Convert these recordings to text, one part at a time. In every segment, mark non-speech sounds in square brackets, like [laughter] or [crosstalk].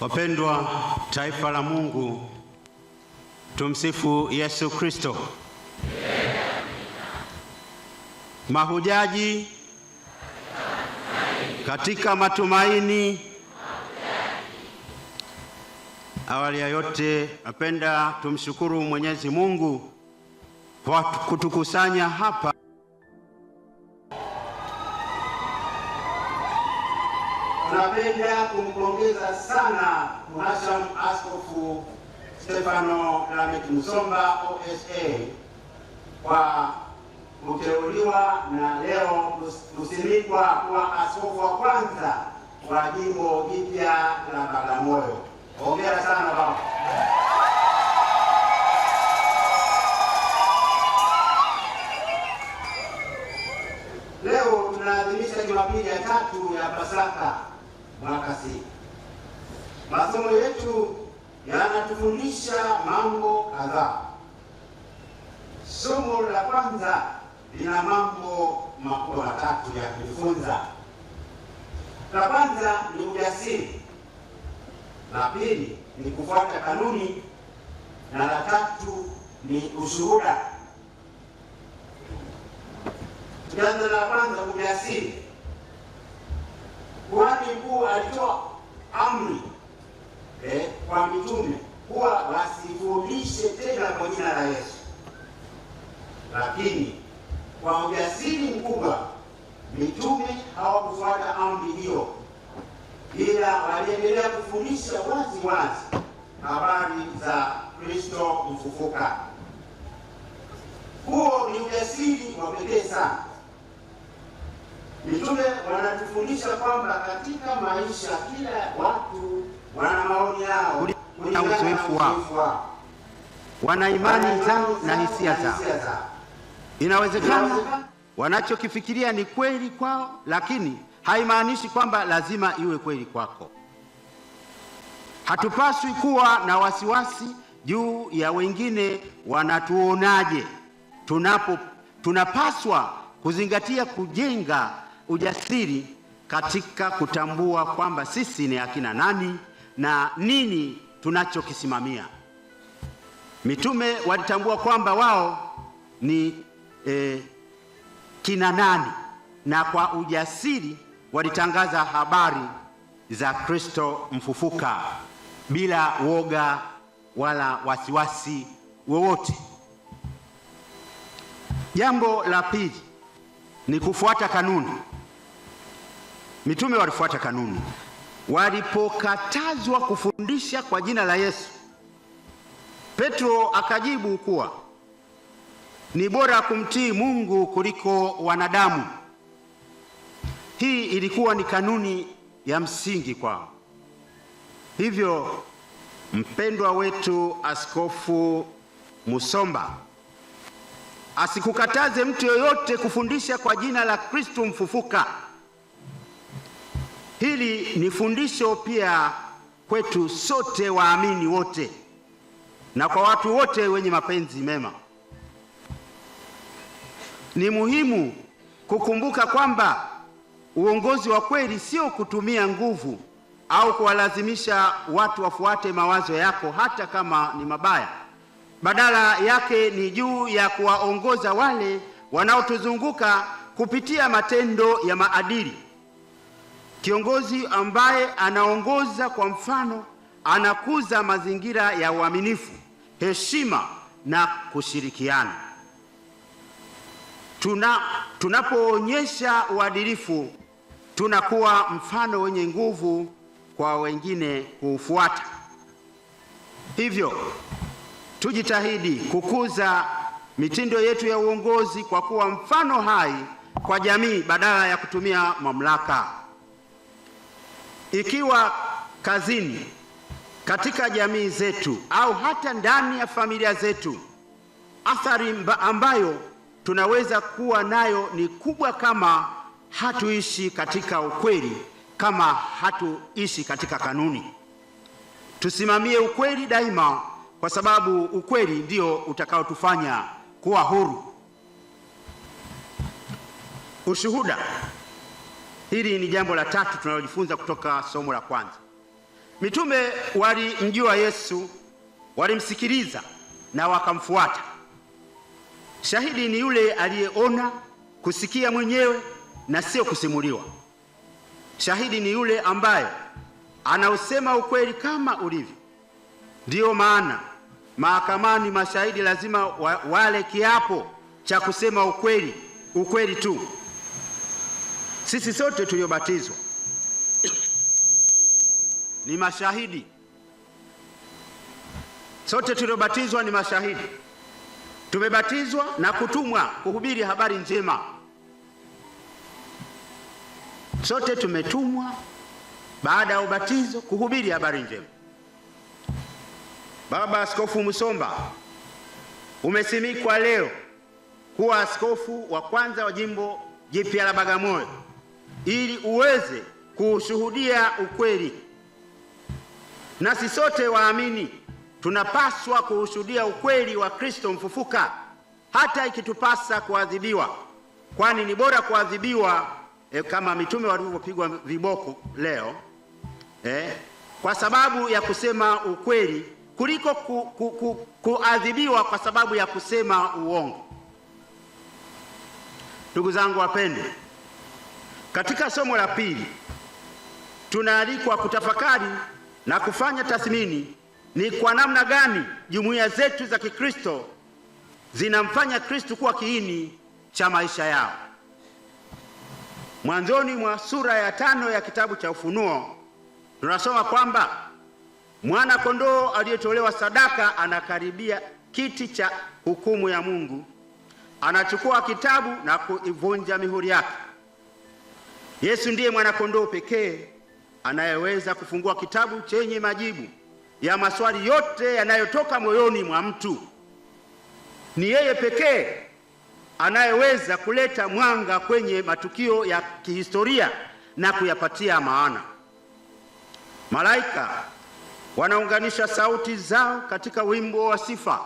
Wapendwa taifa la Mungu, tumsifu Yesu Kristo. Mahujaji katika matumaini. Awali ya yote, napenda tumshukuru Mwenyezi Mungu kwa kutukusanya hapa Napenda kumpongeza sana Mhashamu Askofu Stefano Lameck Musomba OSA kwa kuteuliwa na leo kusimikwa kuwa askofu wa kwanza wa jimbo jipya la Bagamoyo. Hongera sana baba. Leo tunaadhimisha Jumapili ya tatu ya Pasaka mwaka C. Masomo yetu yanatufundisha mambo kadhaa. Somo la kwanza lina mambo makubwa matatu ya kujifunza. La kwanza ni ujasiri, la pili ni kufuata kanuni, na la tatu ni ushuhuda. Tukianza la kwanza, ujasiri. Kuhani mkuu alitoa amri eh, kwa mitume kuwa wasifurishe tena kwa jina la Yesu, lakini kwa ujasiri mkubwa mitume hawakufuata amri hiyo, ila waliendelea kufundisha wazi wazi habari za Kristo mfufuka. Huo ni ujasiri wa pekee sana Mitume wanatufundisha kwamba katika maisha kila watu wana maoni yao na uzoefu wao, wana imani zao na hisia zao. Inawezekana wanachokifikiria ni kweli kwao, lakini haimaanishi kwamba lazima iwe kweli kwako. Hatupaswi kuwa na wasiwasi juu ya wengine wanatuonaje. Tunapo tunapaswa kuzingatia kujenga ujasiri katika kutambua kwamba sisi ni akina nani na nini tunachokisimamia. Mitume walitambua kwamba wao ni eh, kina nani, na kwa ujasiri walitangaza habari za Kristo mfufuka bila woga wala wasiwasi wowote. Jambo la pili ni kufuata kanuni. Mitume walifuata kanuni. Walipokatazwa kufundisha kwa jina la Yesu, Petro akajibu kuwa ni bora kumtii Mungu kuliko wanadamu. Hii ilikuwa ni kanuni ya msingi kwao. Hivyo mpendwa wetu Askofu Musomba asikukataze mtu yoyote kufundisha kwa jina la Kristo mfufuka. Hili ni fundisho pia kwetu sote waamini wote na kwa watu wote wenye mapenzi mema. Ni muhimu kukumbuka kwamba uongozi wa kweli sio kutumia nguvu au kuwalazimisha watu wafuate mawazo yako hata kama ni mabaya. Badala yake ni juu ya kuwaongoza wale wanaotuzunguka kupitia matendo ya maadili. Kiongozi ambaye anaongoza kwa mfano anakuza mazingira ya uaminifu, heshima na kushirikiana. Tuna, tunapoonyesha uadilifu tunakuwa mfano wenye nguvu kwa wengine kuufuata. Hivyo tujitahidi kukuza mitindo yetu ya uongozi kwa kuwa mfano hai kwa jamii badala ya kutumia mamlaka. Ikiwa kazini, katika jamii zetu, au hata ndani ya familia zetu, athari ambayo tunaweza kuwa nayo ni kubwa kama hatuishi katika ukweli, kama hatuishi katika kanuni. Tusimamie ukweli daima, kwa sababu ukweli ndio utakaotufanya kuwa huru. Ushuhuda Hili ni jambo la tatu tunalojifunza kutoka somo la kwanza. Mitume walimjua Yesu, walimsikiliza na wakamfuata. Shahidi ni yule aliyeona, kusikia mwenyewe na sio kusimuliwa. Shahidi ni yule ambaye anausema ukweli kama ulivyo. Ndiyo maana mahakamani mashahidi lazima wale kiapo cha kusema ukweli, ukweli tu. Sisi sote tuliobatizwa ni mashahidi, sote tuliobatizwa ni mashahidi. Tumebatizwa na kutumwa kuhubiri habari njema, sote tumetumwa baada ya ubatizo kuhubiri habari njema. Baba Askofu Musomba, umesimikwa leo kuwa askofu wa kwanza wa jimbo jipya la Bagamoyo ili uweze kuushuhudia ukweli. Nasi sote waamini tunapaswa kuushuhudia ukweli wa Kristo mfufuka, hata ikitupasa kuadhibiwa, kwani ni bora kuadhibiwa eh, kama mitume walivyopigwa viboko leo eh, kwa sababu ya kusema ukweli kuliko ku, ku, ku, kuadhibiwa kwa sababu ya kusema uongo. Ndugu zangu wapendwa katika somo la pili tunaalikwa kutafakari na kufanya tathmini ni kwa namna gani jumuiya zetu za Kikristo zinamfanya Kristo kuwa kiini cha maisha yao. Mwanzoni mwa sura ya tano ya kitabu cha Ufunuo tunasoma kwamba mwana kondoo aliyetolewa sadaka anakaribia kiti cha hukumu ya Mungu, anachukua kitabu na kuivunja mihuri yake Yesu ndiye mwanakondoo pekee anayeweza kufungua kitabu chenye majibu ya maswali yote yanayotoka moyoni mwa mtu. Ni yeye pekee anayeweza kuleta mwanga kwenye matukio ya kihistoria na kuyapatia maana. Malaika wanaunganisha sauti zao katika wimbo wa sifa.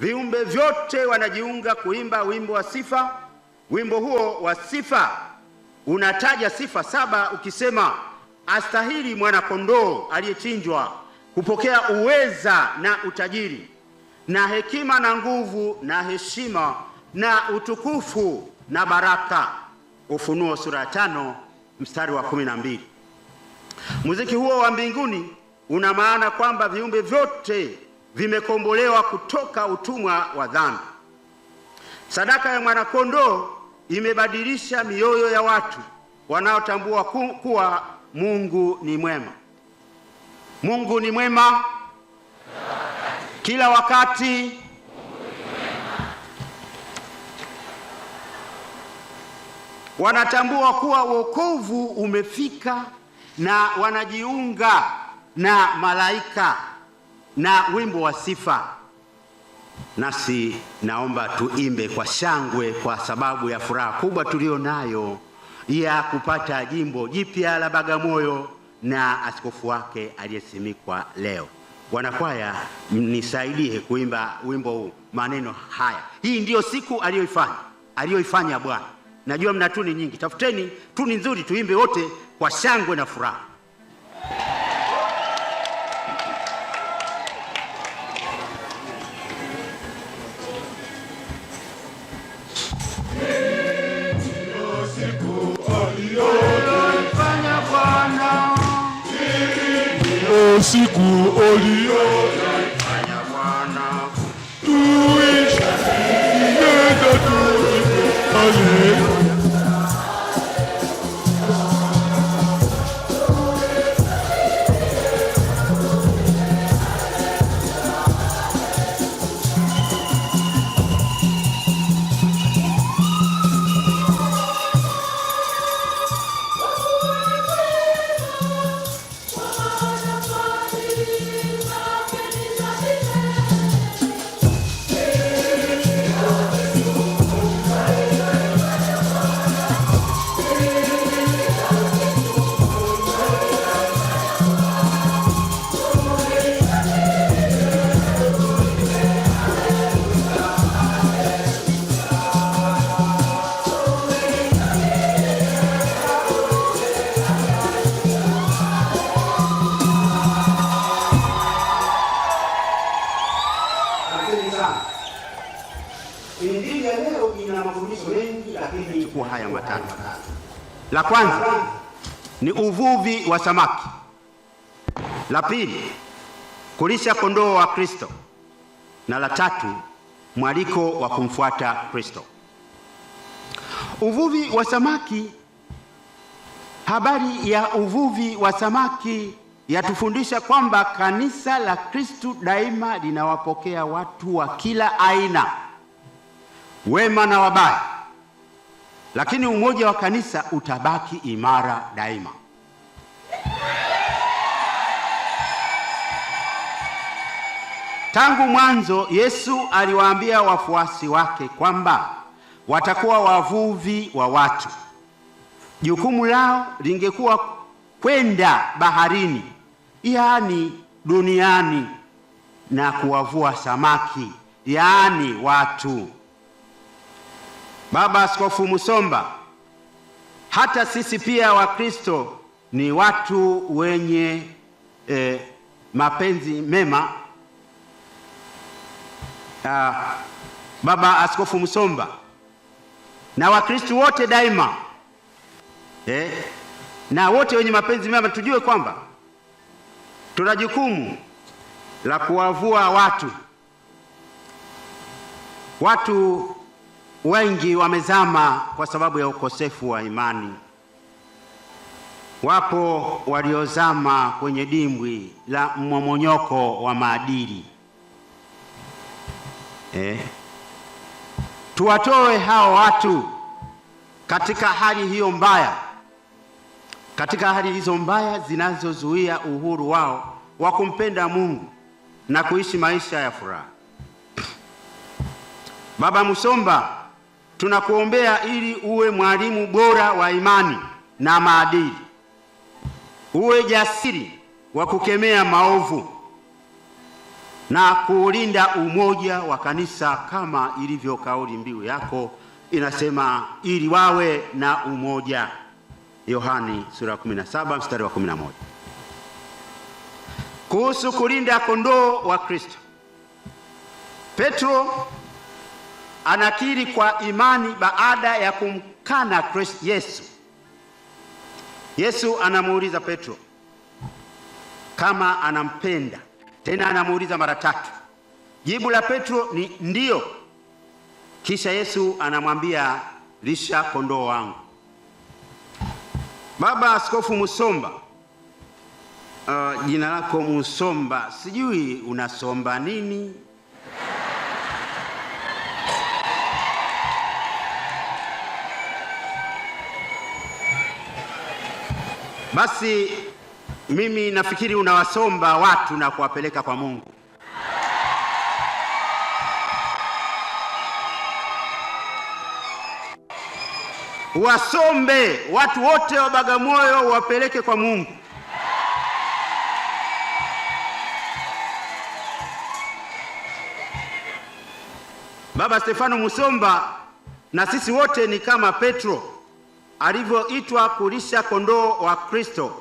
Viumbe vyote wanajiunga kuimba wimbo wa sifa. Wimbo huo wa sifa unataja sifa saba ukisema, astahili mwanakondoo aliyechinjwa kupokea uweza na utajiri na hekima na nguvu na heshima na utukufu na baraka. Ufunuo sura ya tano mstari wa kumi na mbili. Muziki huo wa mbinguni una maana kwamba viumbe vyote vimekombolewa kutoka utumwa wa dhambi. Sadaka ya mwanakondoo imebadilisha mioyo ya watu wanaotambua kuwa Mungu ni mwema. Mungu ni mwema kila wakati, wakati. Wanatambua kuwa wokovu umefika na wanajiunga na malaika na wimbo wa sifa. Nasi naomba tuimbe kwa shangwe kwa sababu ya furaha kubwa tuliyo nayo ya kupata jimbo jipya la Bagamoyo na askofu wake aliyesimikwa leo. Wanakwaya, nisaidie kuimba wimbo huu, maneno haya. Hii ndiyo siku aliyoifanya aliyoifanya Bwana. Najua mna tuni nyingi, tafuteni tuni nzuri tuimbe wote kwa shangwe na furaha. siku ulio Injili ya leo ina mafundisho mengi, lakini chukua haya matatu. La kwanza ni uvuvi wa samaki, la pili kulisha kondoo wa Kristo, na la tatu mwaliko wa kumfuata Kristo. Uvuvi wa samaki. Habari ya uvuvi wa samaki yatufundisha kwamba kanisa la Kristu daima linawapokea watu wa kila aina wema na wabaya, lakini umoja wa kanisa utabaki imara daima. Tangu mwanzo Yesu aliwaambia wafuasi wake kwamba watakuwa wavuvi wa watu. Jukumu lao lingekuwa kwenda baharini, yaani duniani, na kuwavua samaki, yaani watu. Baba Askofu Musomba, hata sisi pia Wakristo ni watu wenye eh, mapenzi mema. Ah, Baba Askofu Musomba na Wakristo wote daima eh, na wote wenye mapenzi mema tujue kwamba tuna jukumu la kuwavua watu watu wengi wamezama kwa sababu ya ukosefu wa imani. Wapo waliozama kwenye dimbwi la mmomonyoko wa maadili eh. Tuwatoe hao watu katika hali hiyo mbaya, katika hali hizo mbaya zinazozuia uhuru wao wa kumpenda Mungu na kuishi maisha ya furaha. Baba Musomba tunakuombea ili uwe mwalimu bora wa imani na maadili, uwe jasiri wa kukemea maovu na kuulinda umoja wa kanisa, kama ilivyo kauli mbiu yako inasema, ili wawe na umoja, Yohani sura 17 mstari wa 11. Kuhusu kulinda kondoo wa Kristo, Petro anakiri kwa imani baada ya kumkana Kristo Yesu. Yesu anamuuliza Petro kama anampenda, tena anamuuliza mara tatu. Jibu la Petro ni ndiyo. Kisha Yesu anamwambia, lisha kondoo wangu. Baba Askofu Musomba, uh, jina lako Musomba, sijui unasomba nini? Basi mimi nafikiri unawasomba watu na kuwapeleka kwa Mungu. Wasombe watu wote wa Bagamoyo wapeleke kwa Mungu. Baba Stefano Musomba na sisi wote ni kama Petro alivyoitwa kulisha kondoo wa Kristo,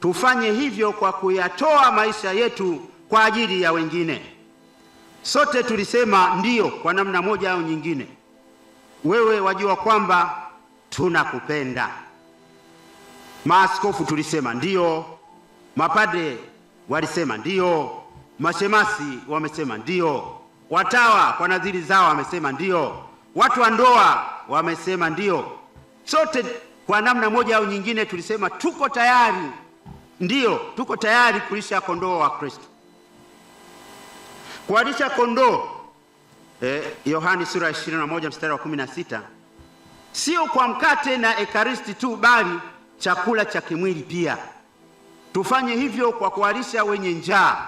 tufanye hivyo kwa kuyatoa maisha yetu kwa ajili ya wengine. Sote tulisema ndiyo kwa namna moja au nyingine. Wewe wajua kwamba tunakupenda. Maaskofu tulisema ndiyo, mapadre walisema ndiyo, mashemasi wamesema ndiyo, watawa kwa nadhiri zao wamesema ndiyo, watu wa ndoa wamesema ndiyo. Sote kwa namna moja au nyingine tulisema tuko tayari, ndio tuko tayari kulisha kondoo wa Kristo, kuwalisha kondoo eh, Yohani sura ya 21 mstari wa 16, sio kwa mkate na ekaristi tu, bali chakula cha kimwili pia. Tufanye hivyo kwa kuwalisha wenye njaa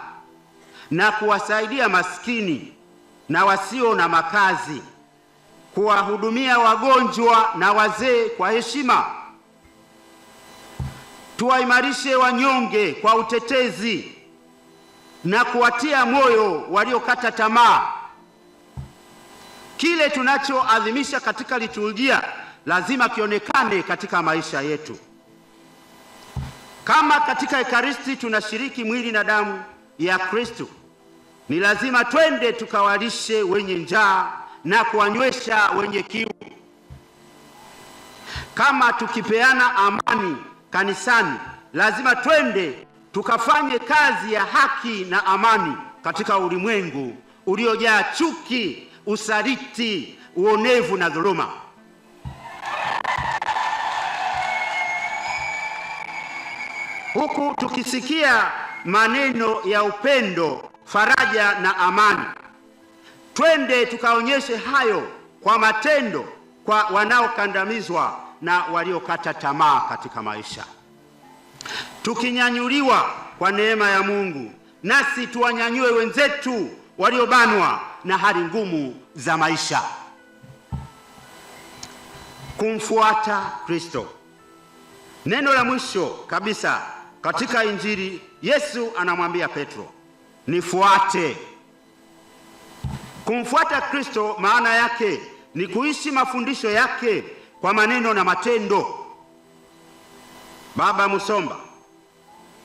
na kuwasaidia maskini na wasio na makazi kuwahudumia wagonjwa na wazee kwa heshima. Tuwaimarishe wanyonge kwa utetezi na kuwatia moyo waliokata tamaa. Kile tunachoadhimisha katika liturujia lazima kionekane katika maisha yetu. Kama katika Ekaristi tunashiriki mwili na damu ya Kristo, ni lazima twende tukawalishe wenye njaa na kuwanywesha wenye kiu. Kama tukipeana amani kanisani, lazima twende tukafanye kazi ya haki na amani katika ulimwengu uliojaa chuki, usaliti, uonevu na dhuluma. Huku tukisikia maneno ya upendo, faraja na amani, Twende tukaonyeshe hayo kwa matendo kwa wanaokandamizwa na waliokata tamaa katika maisha, tukinyanyuliwa kwa neema ya Mungu, nasi tuwanyanyue wenzetu waliobanwa na hali ngumu za maisha. Kumfuata Kristo. Neno la mwisho kabisa katika Injili, Yesu anamwambia Petro, nifuate. Kumfuata Kristo maana yake ni kuishi mafundisho yake kwa maneno na matendo. Baba Musomba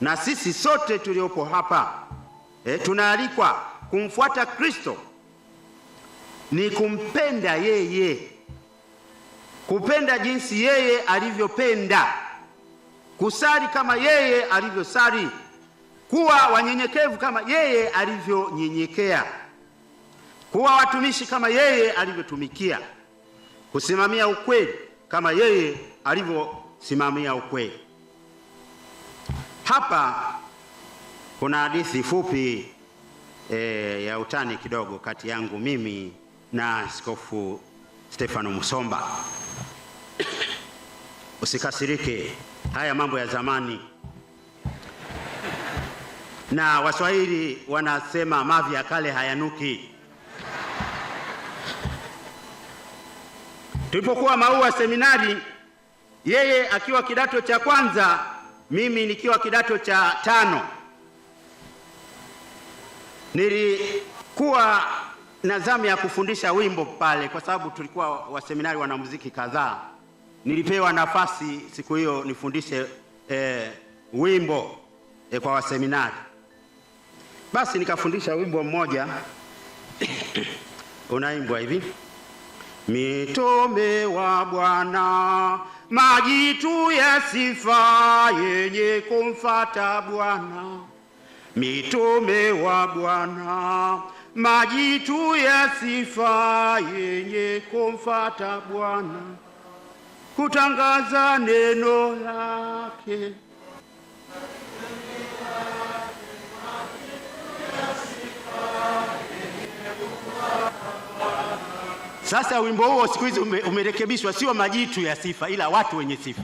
na sisi sote tuliopo hapa e, tunaalikwa kumfuata Kristo ni kumpenda yeye, kupenda jinsi yeye alivyopenda, kusali kama yeye alivyosali, kuwa wanyenyekevu kama yeye alivyonyenyekea kuwa watumishi kama yeye alivyotumikia, kusimamia ukweli kama yeye alivyosimamia ukweli. Hapa kuna hadithi fupi e, ya utani kidogo kati yangu mimi na Askofu Stefano Musomba. Usikasirike, haya mambo ya zamani, na Waswahili wanasema mavi ya kale hayanuki. Tulipokuwa Maua seminari, yeye akiwa kidato cha kwanza, mimi nikiwa kidato cha tano, nilikuwa na zamu ya kufundisha wimbo pale, kwa sababu tulikuwa waseminari muziki kadhaa. Nilipewa nafasi siku hiyo nifundishe eh, wimbo eh, kwa waseminari. Basi nikafundisha wimbo mmoja [coughs] unaimbwa hivi Mitume wa Bwana, majitu ya sifa yenye kumfata Bwana. Mitume wa Bwana, majitu ya sifa yenye kumfata Bwana, kutangaza neno lake Sasa wimbo huo siku hizi ume, umerekebishwa sio majitu ya sifa ila watu wenye sifa.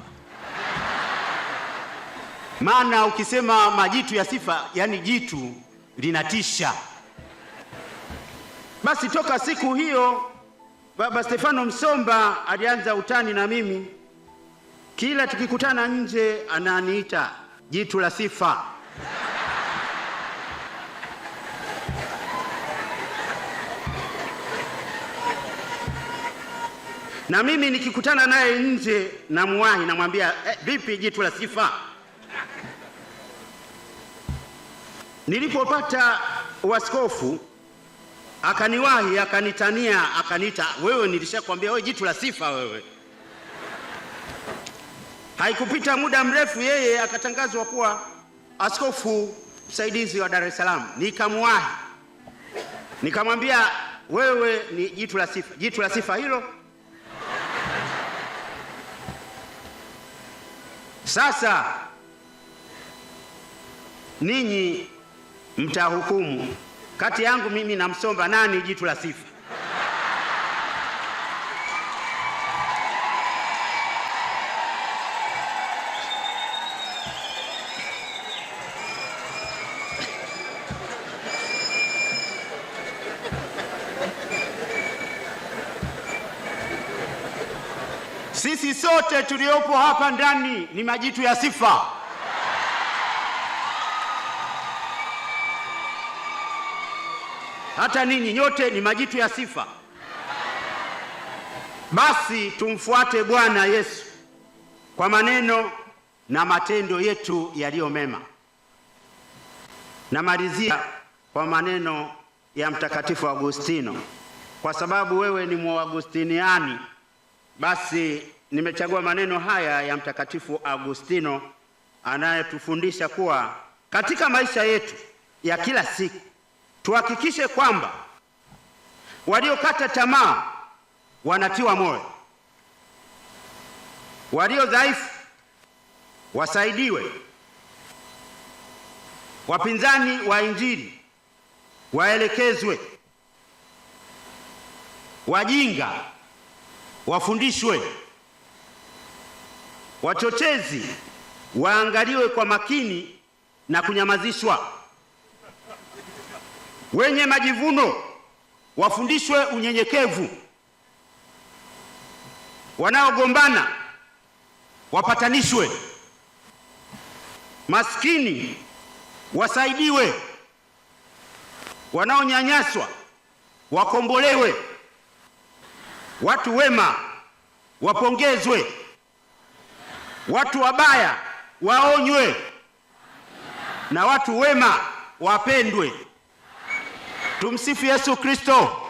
Maana ukisema majitu ya sifa, yani jitu linatisha. Basi toka siku hiyo Baba Stefano Msomba alianza utani na mimi, kila tukikutana nje ananiita jitu la sifa. Na mimi nikikutana naye nje namwahi, namwambia eh, vipi jitu la sifa. Nilipopata waskofu akaniwahi, akanitania, akaniita wewe, nilishakwambia wewe jitu la sifa wewe. Haikupita muda mrefu, yeye akatangazwa kuwa askofu msaidizi wa Dar es Salaam. Nikamwahi nikamwambia wewe ni jitu la sifa, jitu la sifa hilo Sasa ninyi mtahukumu kati yangu mimi na Msomba, nani jitu la sifa? Sisi sote tuliopo hapa ndani ni majitu ya sifa. Hata ninyi nyote ni majitu ya sifa. Basi tumfuate Bwana Yesu kwa maneno na matendo yetu yaliyo mema. Namalizia kwa maneno ya Mtakatifu Agustino, kwa sababu wewe ni Mwagustiniani. Basi nimechagua maneno haya ya Mtakatifu Agustino anayetufundisha kuwa katika maisha yetu ya kila siku tuhakikishe kwamba waliokata tamaa wanatiwa moyo, walio dhaifu wasaidiwe, wapinzani wa Injili waelekezwe, wajinga wafundishwe, wachochezi waangaliwe kwa makini na kunyamazishwa, wenye majivuno wafundishwe unyenyekevu, wanaogombana wapatanishwe, maskini wasaidiwe, wanaonyanyaswa wakombolewe. Watu wema wapongezwe, watu wabaya waonywe, na watu wema wapendwe. Tumsifu Yesu Kristo.